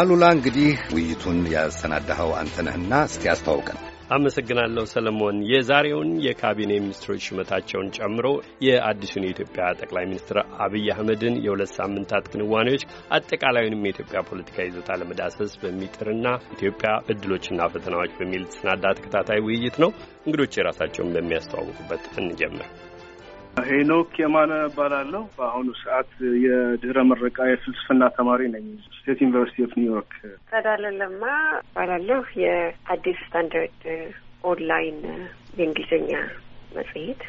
አሉላ እንግዲህ ውይይቱን ያሰናዳኸው አንተነህና እስቲ አስተዋውቀን። አመሰግናለሁ ሰለሞን። የዛሬውን የካቢኔ ሚኒስትሮች ሹመታቸውን ጨምሮ የአዲሱን የኢትዮጵያ ጠቅላይ ሚኒስትር አብይ አህመድን የሁለት ሳምንታት ክንዋኔዎች አጠቃላዩንም የኢትዮጵያ ፖለቲካ ይዞታ ለመዳሰስ በሚጥርና ኢትዮጵያ እድሎችና ፈተናዎች በሚል ተሰናዳ ተከታታይ ውይይት ነው። እንግዶች የራሳቸውን በሚያስተዋውቁበት እንጀምር። ሄኖክ የማነ እባላለሁ። በአሁኑ ሰዓት የድህረ ምረቃ የፍልስፍና ተማሪ ነኝ ስቴት ዩኒቨርሲቲ ኦፍ ኒውዮርክ። ጸዳለ ለማ እባላለሁ። የአዲስ ስታንዳርድ ኦንላይን የእንግሊዝኛ መጽሔት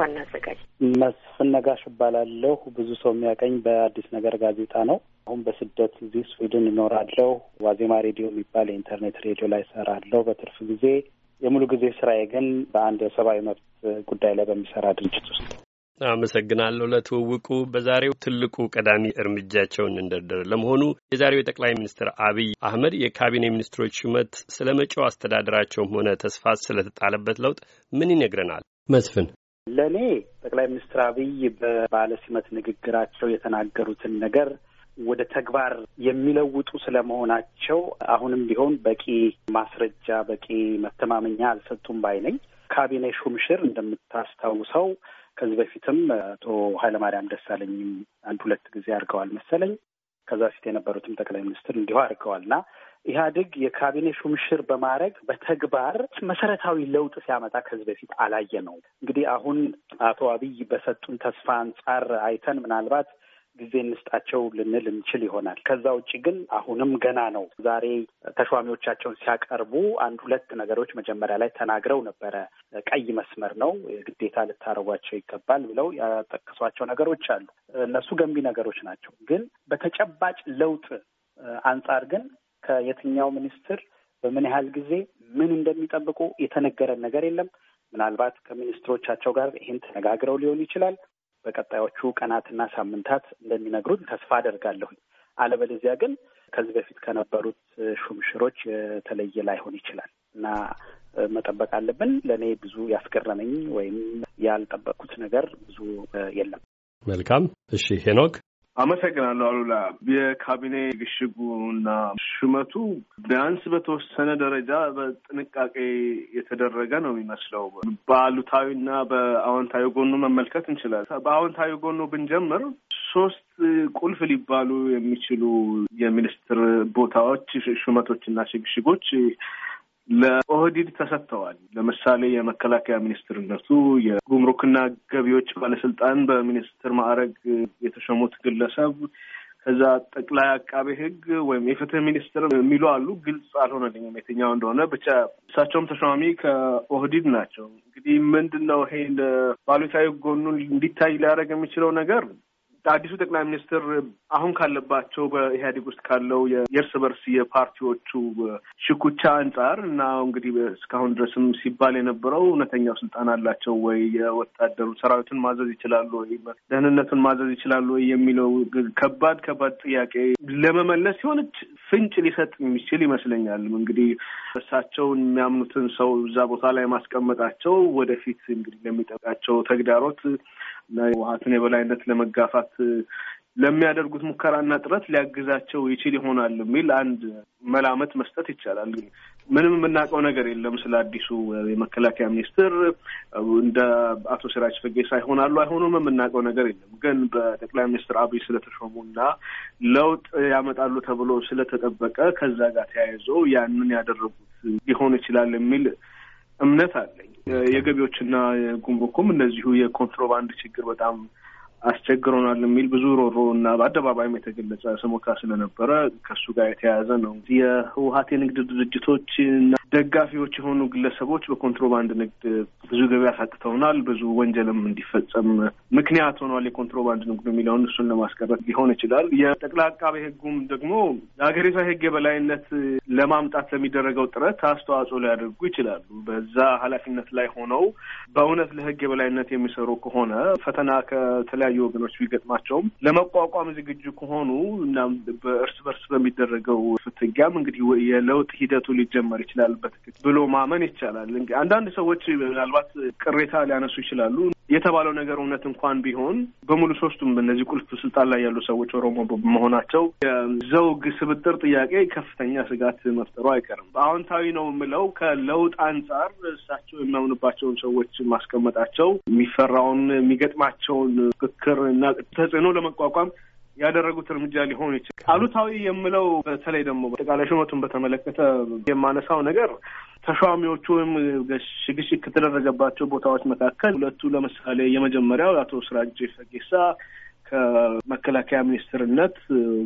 ዋና አዘጋጅ። መስፍን ነጋሽ እባላለሁ። ብዙ ሰው የሚያቀኝ በአዲስ ነገር ጋዜጣ ነው። አሁን በስደት እዚህ ስዊድን እኖራለሁ። ዋዜማ ሬዲዮ የሚባል የኢንተርኔት ሬዲዮ ላይ ሰራለሁ። በትርፍ ጊዜ የሙሉ ጊዜ ስራዬ ግን በአንድ የሰብአዊ መብት ጉዳይ ላይ በሚሰራ ድርጅት ውስጥ አመሰግናለሁ ለትውውቁ። በዛሬው ትልቁ ቀዳሚ እርምጃቸውን እንደርደር። ለመሆኑ የዛሬው የጠቅላይ ሚኒስትር አብይ አህመድ የካቢኔ ሚኒስትሮች ሹመት ስለ መጪው አስተዳደራቸውም ሆነ ተስፋ ስለተጣለበት ለውጥ ምን ይነግረናል? መስፍን፣ ለእኔ ጠቅላይ ሚኒስትር አብይ በበዓለ ሲመት ንግግራቸው የተናገሩትን ነገር ወደ ተግባር የሚለውጡ ስለመሆናቸው አሁንም ቢሆን በቂ ማስረጃ፣ በቂ መተማመኛ አልሰጡም ባይ ነኝ። ካቢኔ ሹምሽር እንደምታስታውሰው ከዚህ በፊትም አቶ ኃይለማርያም ደሳለኝም አንድ ሁለት ጊዜ አድርገዋል መሰለኝ። ከዛ በፊት የነበሩትም ጠቅላይ ሚኒስትር እንዲሁ አድርገዋልና ኢህአዴግ የካቢኔ ሹምሽር በማድረግ በተግባር መሰረታዊ ለውጥ ሲያመጣ ከዚህ በፊት አላየ ነው። እንግዲህ አሁን አቶ አብይ በሰጡን ተስፋ አንጻር አይተን ምናልባት ጊዜ እንስጣቸው ልንል እንችል ይሆናል። ከዛ ውጭ ግን አሁንም ገና ነው። ዛሬ ተሿሚዎቻቸውን ሲያቀርቡ አንድ ሁለት ነገሮች መጀመሪያ ላይ ተናግረው ነበረ። ቀይ መስመር ነው ግዴታ ልታረጓቸው ይገባል ብለው ያጠቀሷቸው ነገሮች አሉ። እነሱ ገንቢ ነገሮች ናቸው። ግን በተጨባጭ ለውጥ አንጻር ግን ከየትኛው ሚኒስትር በምን ያህል ጊዜ ምን እንደሚጠብቁ የተነገረን ነገር የለም። ምናልባት ከሚኒስትሮቻቸው ጋር ይህን ተነጋግረው ሊሆን ይችላል። በቀጣዮቹ ቀናትና ሳምንታት እንደሚነግሩን ተስፋ አደርጋለሁ። አለበለዚያ ግን ከዚህ በፊት ከነበሩት ሹምሽሮች የተለየ ላይሆን ይችላል እና መጠበቅ አለብን። ለእኔ ብዙ ያስገረመኝ ወይም ያልጠበቅኩት ነገር ብዙ የለም። መልካም። እሺ ሄኖክ አመሰግናለሁ አሉላ። የካቢኔ ሽግሽጉና ሹመቱ ቢያንስ በተወሰነ ደረጃ በጥንቃቄ የተደረገ ነው የሚመስለው። በአሉታዊና በአዎንታዊ ጎኑ መመልከት እንችላለን። በአዎንታዊ ጎኑ ብንጀምር ሶስት ቁልፍ ሊባሉ የሚችሉ የሚኒስትር ቦታዎች እና ሽግሽጎች ለኦህዲድ ተሰጥተዋል። ለምሳሌ የመከላከያ ሚኒስትርነቱ፣ የጉምሩክና ገቢዎች ባለስልጣን በሚኒስትር ማዕረግ የተሸሙት ግለሰብ ከዛ ጠቅላይ አቃቤ ሕግ ወይም የፍትህ ሚኒስትር የሚሉ አሉ። ግልጽ አልሆነልኝም የትኛው እንደሆነ ብቻ። እሳቸውም ተሿሚ ከኦህዲድ ናቸው። እንግዲህ ምንድን ነው ይሄ ባሉታዊ ጎኑን እንዲታይ ሊያደርግ የሚችለው ነገር አዲሱ ጠቅላይ ሚኒስትር አሁን ካለባቸው በኢህአዴግ ውስጥ ካለው የእርስ በርስ የፓርቲዎቹ ሽኩቻ አንጻር እና እንግዲህ እስካሁን ድረስም ሲባል የነበረው እውነተኛው ስልጣን አላቸው ወይ፣ የወታደሩ ሰራዊቱን ማዘዝ ይችላሉ ወይ፣ ደህንነቱን ማዘዝ ይችላሉ ወይ የሚለው ከባድ ከባድ ጥያቄ ለመመለስ የሆነች ፍንጭ ሊሰጥ የሚችል ይመስለኛል። እንግዲህ እሳቸውን የሚያምኑትን ሰው እዛ ቦታ ላይ ማስቀመጣቸው ወደፊት እንግዲህ ለሚጠቃቸው ተግዳሮት ላይ ህወሓትን የበላይነት ለመጋፋት ለሚያደርጉት ሙከራና ጥረት ሊያግዛቸው ይችል ይሆናል የሚል አንድ መላመት መስጠት ይቻላል። ምንም የምናውቀው ነገር የለም ስለ አዲሱ የመከላከያ ሚኒስትር እንደ አቶ ሲራጅ ፈጌሳ ይሆናሉ አይሆኑም የምናውቀው ነገር የለም። ግን በጠቅላይ ሚኒስትር አብይ ስለተሾሙና ለውጥ ያመጣሉ ተብሎ ስለተጠበቀ ከዛ ጋር ተያይዞ ያንን ያደረጉት ሊሆን ይችላል የሚል እምነት አለኝ። የገቢዎችና ጉምሩኩም እነዚሁ የኮንትሮባንድ ችግር በጣም አስቸግሮናል የሚል ብዙ ሮሮ እና በአደባባይም የተገለጸ ስሞካ ስለነበረ ከሱ ጋር የተያያዘ ነው። የህወሀት የንግድ ድርጅቶች እና ደጋፊዎች የሆኑ ግለሰቦች በኮንትሮባንድ ንግድ ብዙ ገቢ አሳጥተውናል፣ ብዙ ወንጀልም እንዲፈጸም ምክንያት ሆኗል የኮንትሮባንድ ንግዱ የሚለውን እሱን ለማስቀረት ሊሆን ይችላል። የጠቅላይ አቃቤ ህጉም ደግሞ ለሀገሪቷ የህግ የበላይነት ለማምጣት ለሚደረገው ጥረት አስተዋጽኦ ሊያደርጉ ይችላሉ። በዛ ኃላፊነት ላይ ሆነው በእውነት ለህግ የበላይነት የሚሰሩ ከሆነ ፈተና ከተለያዩ የተለያዩ ወገኖች ቢገጥማቸውም ለመቋቋም ዝግጁ ከሆኑ እና በእርስ በርስ በሚደረገው ፍትጊያም እንግዲህ የለውጥ ሂደቱ ሊጀመር ይችላል በትክክል ብሎ ማመን ይቻላል። አንዳንድ ሰዎች ምናልባት ቅሬታ ሊያነሱ ይችላሉ። የተባለው ነገር እውነት እንኳን ቢሆን በሙሉ ሶስቱም እነዚህ ቁልፍ ስልጣን ላይ ያሉ ሰዎች ኦሮሞ በመሆናቸው የዘውግ ስብጥር ጥያቄ ከፍተኛ ስጋት መፍጠሩ አይቀርም። አዎንታዊ ነው የምለው ከለውጥ አንጻር እሳቸው የሚያምኑባቸውን ሰዎች ማስቀመጣቸው የሚፈራውን የሚገጥማቸውን ክርክር እና ተጽዕኖ ለመቋቋም ያደረጉት እርምጃ ሊሆን ይችላል። አሉታዊ የምለው በተለይ ደግሞ አጠቃላይ ሹመቱን በተመለከተ የማነሳው ነገር ተሿሚዎቹ ወይም ሽግሽግ ከተደረገባቸው ቦታዎች መካከል ሁለቱ ለምሳሌ የመጀመሪያው አቶ ስራጅ ፈጌሳ ከመከላከያ ሚኒስትርነት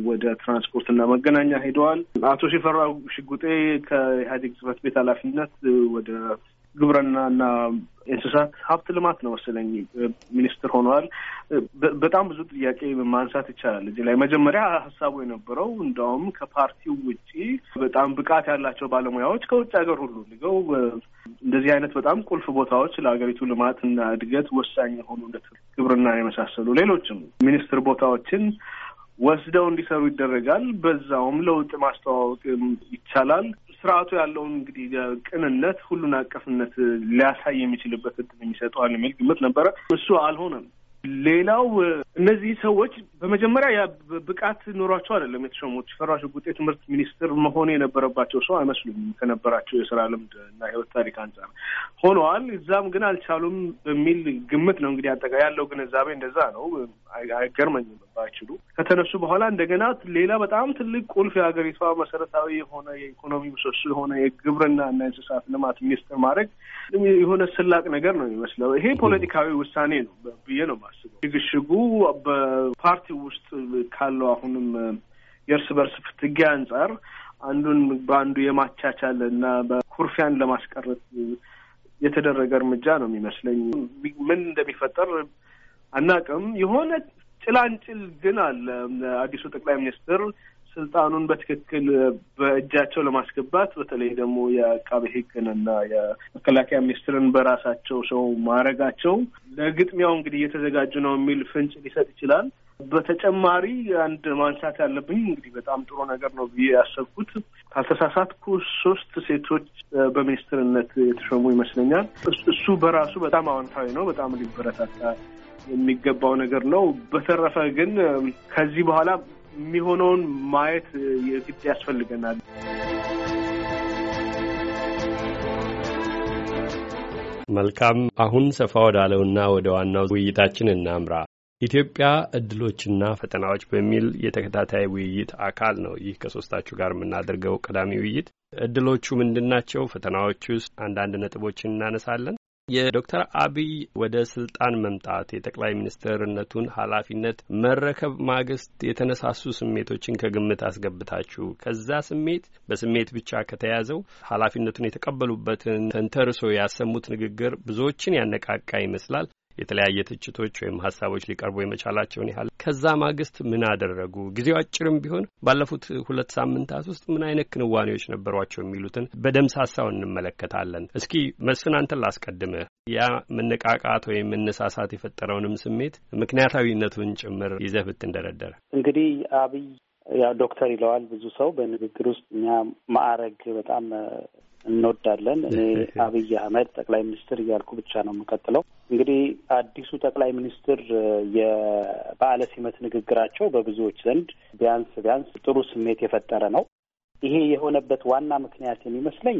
ወደ ትራንስፖርትና መገናኛ ሄደዋል። አቶ ሽፈራው ሽጉጤ ከኢህአዴግ ጽህፈት ቤት ኃላፊነት ወደ ግብርናና እንስሳት ሀብት ልማት ነው መሰለኝ ሚኒስትር ሆነዋል። በጣም ብዙ ጥያቄ ማንሳት ይቻላል እዚህ ላይ። መጀመሪያ ሀሳቡ የነበረው እንደውም ከፓርቲው ውጪ በጣም ብቃት ያላቸው ባለሙያዎች ከውጭ ሀገር ሁሉ ልገው እንደዚህ አይነት በጣም ቁልፍ ቦታዎች ለሀገሪቱ እና እድገት ወሳኝ የሆኑ እንደ ግብርና የመሳሰሉ ሌሎችም ሚኒስትር ቦታዎችን ወስደው እንዲሰሩ ይደረጋል። በዛውም ለውጥ ማስተዋወቅ ይቻላል። ስርዓቱ ያለውን እንግዲህ ቅንነት፣ ሁሉን አቀፍነት ሊያሳይ የሚችልበት እድል የሚሰጠዋል የሚል ግምት ነበረ። እሱ አልሆነም። ሌላው እነዚህ ሰዎች በመጀመሪያ ያ ብቃት ኖሯቸው አይደለም የተሾሙት። ሽፈራው ሽጉጤ ትምህርት ሚኒስትር መሆን የነበረባቸው ሰው አይመስሉም ከነበራቸው የስራ ልምድ እና ህይወት ታሪክ አንጻር ሆነዋል። እዛም ግን አልቻሉም በሚል ግምት ነው እንግዲህ አጠቃ ያለው ግንዛቤ እንደዛ ነው። አይገርመኝም ባይችሉ ከተነሱ በኋላ እንደገና ሌላ በጣም ትልቅ ቁልፍ የሀገሪቷ መሰረታዊ የሆነ የኢኮኖሚ ምሰሶ የሆነ የግብርና እና የእንስሳት ልማት ሚኒስትር ማድረግ የሆነ ስላቅ ነገር ነው የሚመስለው። ይሄ ፖለቲካዊ ውሳኔ ነው ብዬ ነው ማ የማስበው። ሽግሽጉ በፓርቲ ውስጥ ካለው አሁንም የእርስ በርስ ፍትጊያ አንጻር አንዱን በአንዱ የማቻቻል እና በኩርፊያን ለማስቀረት የተደረገ እርምጃ ነው የሚመስለኝ። ምን እንደሚፈጠር አናቅም የሆነ ጭላንጭል ግን አለ። አዲሱ ጠቅላይ ሚኒስትር ስልጣኑን በትክክል በእጃቸው ለማስገባት በተለይ ደግሞ የአቃቤ ሕግንና የመከላከያ ሚኒስትርን በራሳቸው ሰው ማድረጋቸው ለግጥሚያው እንግዲህ እየተዘጋጁ ነው የሚል ፍንጭ ሊሰጥ ይችላል። በተጨማሪ አንድ ማንሳት ያለብኝ እንግዲህ በጣም ጥሩ ነገር ነው ብዬ ያሰብኩት ካልተሳሳትኩ ሶስት ሴቶች በሚኒስትርነት የተሾሙ ይመስለኛል። እሱ በራሱ በጣም አዎንታዊ ነው። በጣም ሊበረታታ የሚገባው ነገር ነው። በተረፈ ግን ከዚህ በኋላ የሚሆነውን ማየት የግድ ያስፈልገናል። መልካም። አሁን ሰፋ ወዳለውና ወደ ዋናው ውይይታችን እናምራ። ኢትዮጵያ እድሎችና ፈተናዎች በሚል የተከታታይ ውይይት አካል ነው ይህ ከሶስታችሁ ጋር የምናደርገው ቀዳሚ ውይይት። እድሎቹ ምንድን ናቸው? ፈተናዎች ውስጥ አንዳንድ ነጥቦችን እናነሳለን። የዶክተር አብይ ወደ ስልጣን መምጣት የጠቅላይ ሚኒስትርነቱን ኃላፊነት መረከብ ማግስት የተነሳሱ ስሜቶችን ከግምት አስገብታችሁ ከዛ ስሜት በስሜት ብቻ ከተያዘው ኃላፊነቱን የተቀበሉበትን ተንተርሶ ያሰሙት ንግግር ብዙዎችን ያነቃቃ ይመስላል። የተለያየ ትችቶች ወይም ሀሳቦች ሊቀርቡ የመቻላቸውን ያህል ከዛ ማግስት ምን አደረጉ? ጊዜው አጭርም ቢሆን ባለፉት ሁለት ሳምንታት ውስጥ ምን አይነት ክንዋኔዎች ነበሯቸው የሚሉትን በደምሳሳው እንመለከታለን። እስኪ መስፍን አንተን ላስቀድምህ። ያ መነቃቃት ወይም መነሳሳት የፈጠረውንም ስሜት ምክንያታዊነቱን ጭምር ይዘህ ብትንደረደር። እንግዲህ አብይ ያው ዶክተር ይለዋል ብዙ ሰው በንግግር ውስጥ እኛ ማዕረግ በጣም እንወዳለን። እኔ አብይ አህመድ ጠቅላይ ሚኒስትር እያልኩ ብቻ ነው የምቀጥለው። እንግዲህ አዲሱ ጠቅላይ ሚኒስትር የበዓለ ሲመት ንግግራቸው በብዙዎች ዘንድ ቢያንስ ቢያንስ ጥሩ ስሜት የፈጠረ ነው። ይሄ የሆነበት ዋና ምክንያት የሚመስለኝ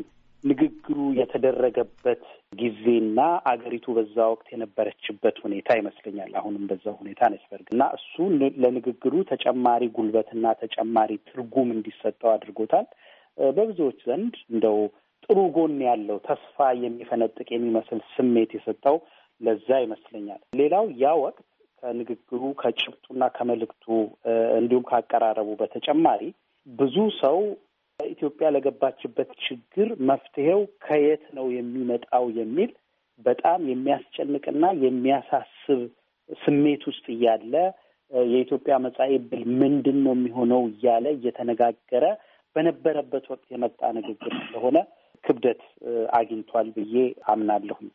ንግግሩ የተደረገበት ጊዜና አገሪቱ በዛ ወቅት የነበረችበት ሁኔታ ይመስለኛል። አሁንም በዛው ሁኔታ ነች በርግ እና እሱ ለንግግሩ ተጨማሪ ጉልበትና ተጨማሪ ትርጉም እንዲሰጠው አድርጎታል። በብዙዎች ዘንድ እንደው ጥሩ ጎን ያለው ተስፋ የሚፈነጥቅ የሚመስል ስሜት የሰጠው ለዛ ይመስለኛል። ሌላው ያ ወቅት ከንግግሩ ከጭብጡና ከመልእክቱ እንዲሁም ካቀራረቡ በተጨማሪ ብዙ ሰው ኢትዮጵያ ለገባችበት ችግር መፍትሄው ከየት ነው የሚመጣው የሚል በጣም የሚያስጨንቅና የሚያሳስብ ስሜት ውስጥ እያለ የኢትዮጵያ መጻኢ ዕድል ምንድን ነው የሚሆነው እያለ እየተነጋገረ በነበረበት ወቅት የመጣ ንግግር ስለሆነ ክብደት አግኝቷል ብዬ አምናለሁም።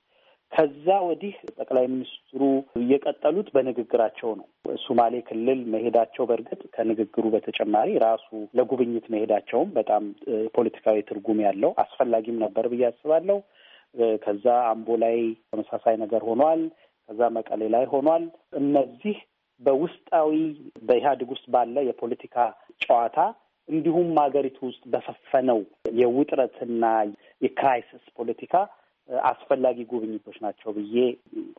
ከዛ ወዲህ ጠቅላይ ሚኒስትሩ እየቀጠሉት በንግግራቸው ነው። ሱማሌ ክልል መሄዳቸው በእርግጥ ከንግግሩ በተጨማሪ ራሱ ለጉብኝት መሄዳቸውም በጣም ፖለቲካዊ ትርጉም ያለው አስፈላጊም ነበር ብዬ አስባለሁ። ከዛ አምቦ ላይ ተመሳሳይ ነገር ሆኗል። ከዛ መቀሌ ላይ ሆኗል። እነዚህ በውስጣዊ በኢህአዴግ ውስጥ ባለ የፖለቲካ ጨዋታ እንዲሁም ሀገሪቱ ውስጥ በሰፈነው የውጥረትና የክራይሲስ ፖለቲካ አስፈላጊ ጉብኝቶች ናቸው ብዬ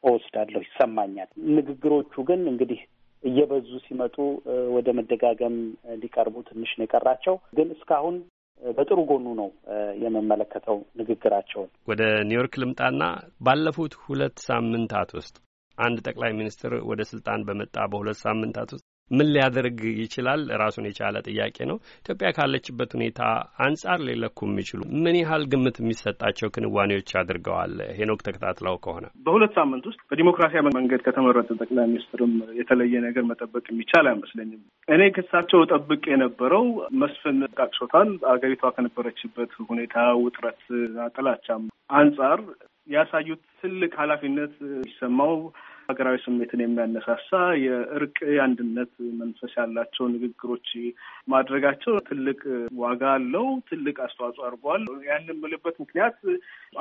እወስዳለሁ፣ ይሰማኛል። ንግግሮቹ ግን እንግዲህ እየበዙ ሲመጡ ወደ መደጋገም ሊቀርቡ ትንሽ ነው የቀራቸው። ግን እስካሁን በጥሩ ጎኑ ነው የምመለከተው ንግግራቸውን። ወደ ኒውዮርክ ልምጣና ባለፉት ሁለት ሳምንታት ውስጥ አንድ ጠቅላይ ሚኒስትር ወደ ስልጣን በመጣ በሁለት ሳምንታት ውስጥ ምን ሊያደርግ ይችላል? ራሱን የቻለ ጥያቄ ነው። ኢትዮጵያ ካለችበት ሁኔታ አንጻር ሊለኩ የሚችሉ ምን ያህል ግምት የሚሰጣቸው ክንዋኔዎች አድርገዋል? ሄኖክ ተከታትለው ከሆነ በሁለት ሳምንት ውስጥ በዲሞክራሲያዊ መንገድ ከተመረጠ ጠቅላይ ሚኒስትርም የተለየ ነገር መጠበቅ የሚቻል አይመስለኝም። እኔ ከሳቸው ጠብቅ የነበረው መስፍን ቃቅሾታል። አገሪቷ ከነበረችበት ሁኔታ ውጥረት፣ ጥላቻም አንጻር ያሳዩት ትልቅ ኃላፊነት ይሰማው ሀገራዊ ስሜትን የሚያነሳሳ የእርቅ የአንድነት መንፈስ ያላቸው ንግግሮች ማድረጋቸው ትልቅ ዋጋ አለው፣ ትልቅ አስተዋጽኦ አድርጓል። ያንን የምልበት ምክንያት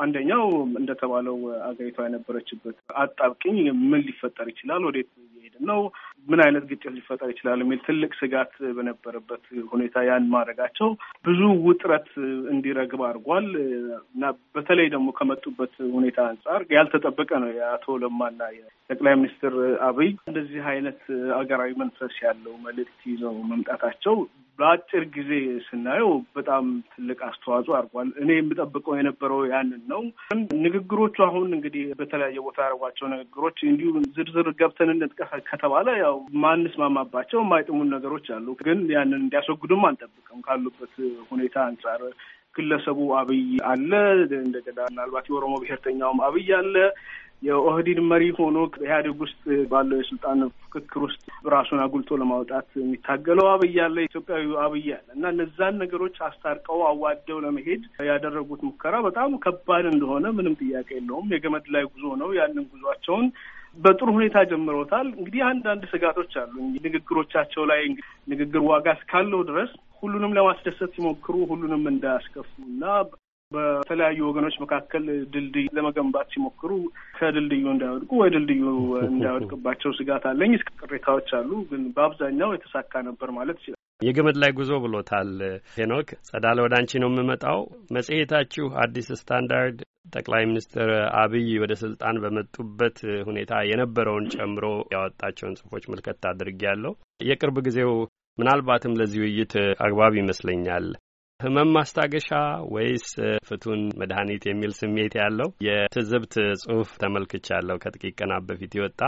አንደኛው እንደተባለው አገሪቷ የነበረችበት አጣብቅኝ ምን ሊፈጠር ይችላል፣ ወዴት እየሄድን ነው ምን አይነት ግጭት ሊፈጠር ይችላል የሚል ትልቅ ስጋት በነበረበት ሁኔታ ያን ማድረጋቸው ብዙ ውጥረት እንዲረግብ አድርጓል እና በተለይ ደግሞ ከመጡበት ሁኔታ አንጻር ያልተጠበቀ ነው። የአቶ ለማና የጠቅላይ ሚኒስትር አብይ እንደዚህ አይነት አገራዊ መንፈስ ያለው መልእክት ይዘው መምጣታቸው በአጭር ጊዜ ስናየው በጣም ትልቅ አስተዋጽኦ አድርጓል። እኔ የምጠብቀው የነበረው ያንን ነው። ንግግሮቹ አሁን እንግዲህ በተለያየ ቦታ ያደረጓቸው ንግግሮች እንዲሁ ዝርዝር ገብተን እንጥቀስ ከተባለ ያው ያው ማንስማማባቸው የማይጥሙን ነገሮች አሉ። ግን ያንን እንዲያስወግዱም አንጠብቅም ካሉበት ሁኔታ አንጻር ግለሰቡ አብይ አለ። እንደገና ምናልባት የኦሮሞ ብሔርተኛውም አብይ አለ። የኦህዲድ መሪ ሆኖ ኢህአዴግ ውስጥ ባለው የስልጣን ፍክክር ውስጥ ራሱን አጉልቶ ለማውጣት የሚታገለው አብይ አለ፣ ኢትዮጵያዊ አብይ አለ እና እነዛን ነገሮች አስታርቀው አዋደው ለመሄድ ያደረጉት ሙከራ በጣም ከባድ እንደሆነ ምንም ጥያቄ የለውም። የገመድ ላይ ጉዞ ነው። ያንን ጉዟቸውን በጥሩ ሁኔታ ጀምሮታል። እንግዲህ አንዳንድ ስጋቶች አሉ። ንግግሮቻቸው ላይ ንግግር ዋጋ እስካለው ድረስ ሁሉንም ለማስደሰት ሲሞክሩ ሁሉንም እንዳያስከፉ እና በተለያዩ ወገኖች መካከል ድልድይ ለመገንባት ሲሞክሩ ከድልድዩ እንዳይወድቁ ወይ ድልድዩ እንዳይወድቅባቸው ስጋት አለኝ። እስከ ቅሬታዎች አሉ። ግን በአብዛኛው የተሳካ ነበር ማለት ይችላል። የገመድ ላይ ጉዞ ብሎታል ሄኖክ ጸዳለ። ወደ አንቺ ነው የምመጣው። መጽሔታችሁ አዲስ ስታንዳርድ ጠቅላይ ሚኒስትር አብይ ወደ ስልጣን በመጡበት ሁኔታ የነበረውን ጨምሮ ያወጣቸውን ጽሁፎች መልከት አድርጌ ያለው የቅርብ ጊዜው ምናልባትም ለዚህ ውይይት አግባብ ይመስለኛል። ህመም ማስታገሻ ወይስ ፍቱን መድኃኒት የሚል ስሜት ያለው የትዝብት ጽሁፍ ተመልክቻለሁ። ከጥቂት ቀናት በፊት ይወጣ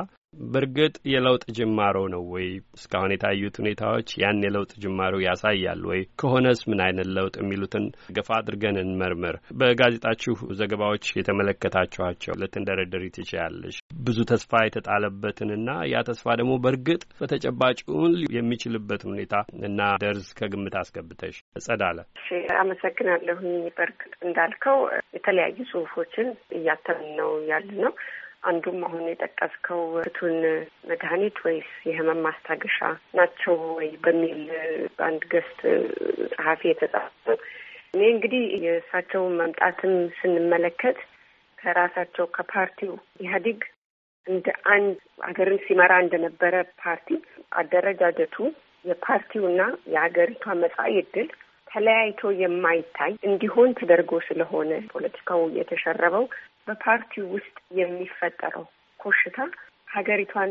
በእርግጥ የለውጥ ጅማሮ ነው ወይ? እስካሁን የታዩት ሁኔታዎች ያን የለውጥ ጅማሮ ያሳያል ወይ? ከሆነስ ምን አይነት ለውጥ የሚሉትን ገፋ አድርገን እንመርምር። በጋዜጣችሁ ዘገባዎች የተመለከታችኋቸው ልትንደረደሪ ትችያለሽ። ብዙ ተስፋ የተጣለበትንና ያ ተስፋ ደግሞ በእርግጥ በተጨባጭውን እውን የሚችልበትን ሁኔታ እና ደርዝ ከግምት አስገብተሽ ጸዳለ። አመሰግናለሁ። በእርግጥ እንዳልከው የተለያዩ ጽሁፎችን እያተምን ነው ያለ ነው አንዱም አሁን የጠቀስከው ፍቱን መድኃኒት ወይስ የህመም ማስታገሻ ናቸው ወይ በሚል በአንድ ገስት ጸሐፊ የተጻፈው እኔ እንግዲህ የእሳቸውን መምጣትም ስንመለከት ከራሳቸው ከፓርቲው ኢህአዴግ እንደ አንድ ሀገርን ሲመራ እንደነበረ ፓርቲ አደረጃጀቱ የፓርቲውና የሀገሪቷ መጻኢ ዕድል ተለያይቶ የማይታይ እንዲሆን ተደርጎ ስለሆነ ፖለቲካው የተሸረበው በፓርቲው ውስጥ የሚፈጠረው ኮሽታ ሀገሪቷን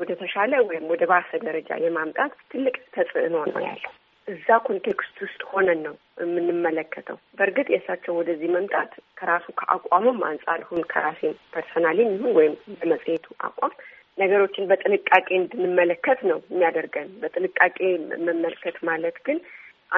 ወደ ተሻለ ወይም ወደ ባሰ ደረጃ የማምጣት ትልቅ ተጽዕኖ ነው ያለው። እዛ ኮንቴክስት ውስጥ ሆነን ነው የምንመለከተው። በእርግጥ የእሳቸው ወደዚህ መምጣት ከራሱ ከአቋሙም አንጻር ይሁን ከራሴ ፐርሰናሊም ይሁን ወይም የመጽሔቱ አቋም ነገሮችን በጥንቃቄ እንድንመለከት ነው የሚያደርገን። በጥንቃቄ መመልከት ማለት ግን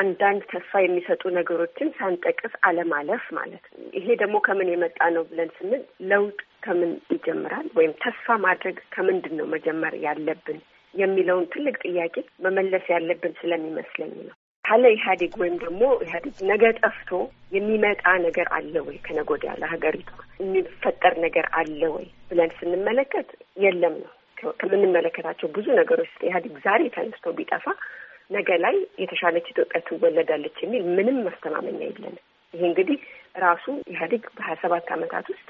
አንዳንድ ተስፋ የሚሰጡ ነገሮችን ሳንጠቅስ አለማለፍ ማለት ነው። ይሄ ደግሞ ከምን የመጣ ነው ብለን ስንል ለውጥ ከምን ይጀምራል ወይም ተስፋ ማድረግ ከምንድን ነው መጀመር ያለብን የሚለውን ትልቅ ጥያቄ መመለስ ያለብን ስለሚመስለኝ ነው። ካለ ኢህአዴግ ወይም ደግሞ ኢህአዴግ ነገ ጠፍቶ የሚመጣ ነገር አለ ወይ? ከነገ ወዲያ የሚፈጠር ነገር አለ ወይ ብለን ስንመለከት የለም ነው። ከምንመለከታቸው ብዙ ነገሮች ኢህአዴግ ዛሬ ተነስቶ ቢጠፋ ነገ ላይ የተሻለች ኢትዮጵያ ትወለዳለች የሚል ምንም ማስተማመኛ የለን። ይሄ እንግዲህ ራሱ ኢህአዴግ በሀያ ሰባት ውስጥ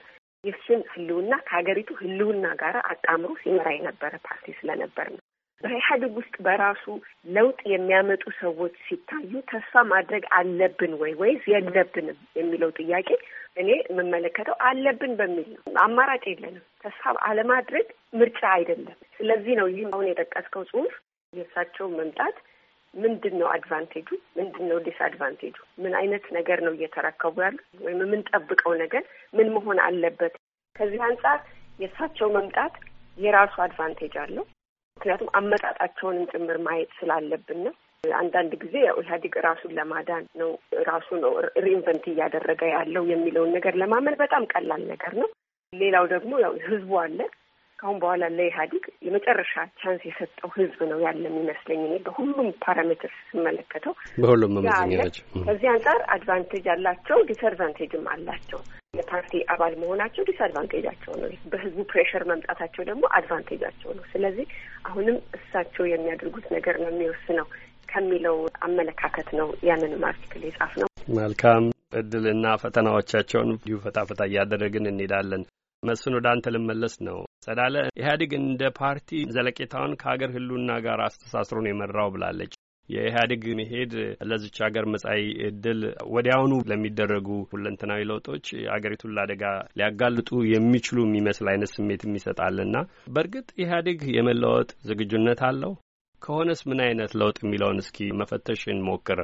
የእሱን ህልውና ከሀገሪቱ ህልውና ጋር አጣምሮ ሲመራ የነበረ ፓርቲ ስለነበር ነው። በኢህአዴግ ውስጥ በራሱ ለውጥ የሚያመጡ ሰዎች ሲታዩ ተስፋ ማድረግ አለብን ወይ ወይስ የለብንም የሚለው ጥያቄ እኔ የምመለከተው አለብን በሚል ነው። አማራጭ የለንም። ተስፋ አለማድረግ ምርጫ አይደለም። ስለዚህ ነው ይህም አሁን የጠቀስከው ጽሁፍ የእሳቸው መምጣት ምንድን ነው አድቫንቴጁ? ምንድን ነው ዲስአድቫንቴጁ? ምን አይነት ነገር ነው እየተረከቡ ያሉ ወይም የምንጠብቀው ነገር ምን መሆን አለበት? ከዚህ አንጻር የእሳቸው መምጣት የራሱ አድቫንቴጅ አለው። ምክንያቱም አመጣጣቸውንም ጭምር ማየት ስላለብን ነው። አንዳንድ ጊዜ ያው ኢህአዴግ ራሱን ለማዳን ነው ራሱ ነው ሪኢንቨንት እያደረገ ያለው የሚለውን ነገር ለማመን በጣም ቀላል ነገር ነው። ሌላው ደግሞ ያው ህዝቡ አለ ከአሁን በኋላ ለኢህአዴግ የመጨረሻ ቻንስ የሰጠው ህዝብ ነው ያለ የሚመስለኝ እኔ በሁሉም ፓራሜትር ስመለከተው፣ በሁሉም መመዘኛዎች ከዚህ አንጻር አድቫንቴጅ አላቸው፣ ዲስአድቫንቴጅም አላቸው። የፓርቲ አባል መሆናቸው ዲስአድቫንቴጃቸው ነው። በህዝቡ ፕሬሽር መምጣታቸው ደግሞ አድቫንቴጃቸው ነው። ስለዚህ አሁንም እሳቸው የሚያደርጉት ነገር ነው የሚወስነው ከሚለው አመለካከት ነው ያንንም አርቲክል የጻፍ ነው። መልካም እድልና ፈተናዎቻቸውን እንዲሁ ፈታፈታ እያደረግን እንሄዳለን። መስፍን ወደ አንተ ልመለስ ነው። ጸዳለ ኢህአዴግ እንደ ፓርቲ ዘለቄታውን ከሀገር ህልውና ጋር አስተሳስሮ ነው የመራው ብላለች። የኢህአዴግ መሄድ ለዚች ሀገር መጻኢ እድል ወዲያውኑ ለሚደረጉ ሁለንተናዊ ለውጦች አገሪቱን ለአደጋ ሊያጋልጡ የሚችሉ የሚመስል አይነት ስሜት ይሰጣልና በእርግጥ ኢህአዴግ የመለወጥ ዝግጁነት አለው? ከሆነስ ምን አይነት ለውጥ የሚለውን እስኪ መፈተሽ እንሞክር።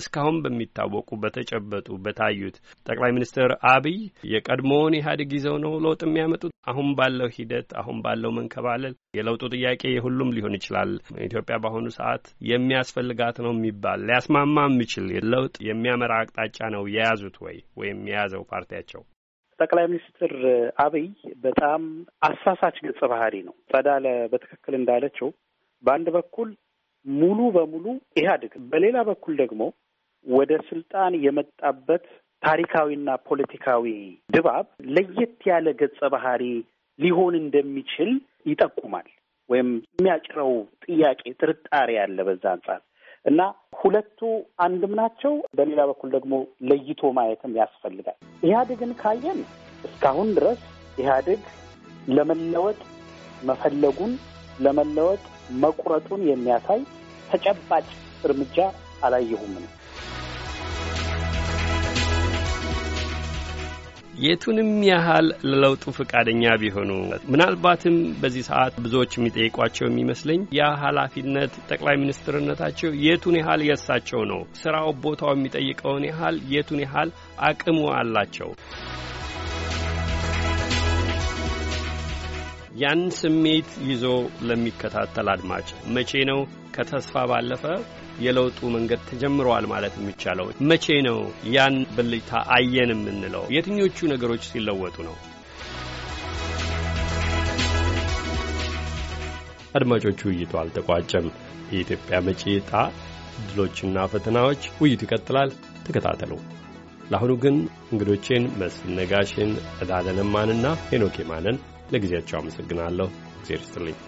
እስካሁን በሚታወቁ በተጨበጡ በታዩት ጠቅላይ ሚኒስትር አብይ የቀድሞውን ኢህአዴግ ይዘው ነው ለውጥ የሚያመጡት? አሁን ባለው ሂደት አሁን ባለው መንከባለል የለውጡ ጥያቄ የሁሉም ሊሆን ይችላል። ኢትዮጵያ በአሁኑ ሰዓት የሚያስፈልጋት ነው የሚባል ሊያስማማ የሚችል ለውጥ የሚያመራ አቅጣጫ ነው የያዙት ወይ ወይም የያዘው ፓርቲያቸው? ጠቅላይ ሚኒስትር አብይ በጣም አሳሳች ገጸ ባህሪ ነው። ጸዳለ በትክክል እንዳለችው በአንድ በኩል ሙሉ በሙሉ ኢህአዴግ፣ በሌላ በኩል ደግሞ ወደ ስልጣን የመጣበት ታሪካዊና ፖለቲካዊ ድባብ ለየት ያለ ገጸ ባህሪ ሊሆን እንደሚችል ይጠቁማል ወይም የሚያጭረው ጥያቄ፣ ጥርጣሬ አለ በዛ አንጻር እና ሁለቱ አንድም ናቸው። በሌላ በኩል ደግሞ ለይቶ ማየትም ያስፈልጋል። ኢህአዴግን ካየን እስካሁን ድረስ ኢህአዴግ ለመለወጥ መፈለጉን ለመለወጥ መቁረጡን የሚያሳይ ተጨባጭ እርምጃ አላየሁም ነው። የቱንም ያህል ለለውጡ ፈቃደኛ ቢሆኑ ምናልባትም በዚህ ሰዓት ብዙዎች የሚጠይቋቸው የሚመስለኝ ያ ኃላፊነት ጠቅላይ ሚኒስትርነታቸው የቱን ያህል የእሳቸው ነው? ስራው ቦታው የሚጠይቀውን ያህል የቱን ያህል አቅሙ አላቸው? ያን ስሜት ይዞ ለሚከታተል አድማጭ መቼ ነው ከተስፋ ባለፈ የለውጡ መንገድ ተጀምረዋል ማለት የሚቻለው? መቼ ነው ያን ብልጭታ አየን የምንለው? የትኞቹ ነገሮች ሲለወጡ ነው? አድማጮቹ ውይይቱ አልተቋጨም። የኢትዮጵያ መጪ ዕጣ ድሎችና ፈተናዎች ውይይቱ ይቀጥላል። ተከታተሉ። ለአሁኑ ግን እንግዶቼን መስፍን ነጋሽን፣ ዕዳለለማንና ሄኖኬ ማንን ለጊዜያቸው አመሰግናለሁ። እግዜር ይስጥልኝ።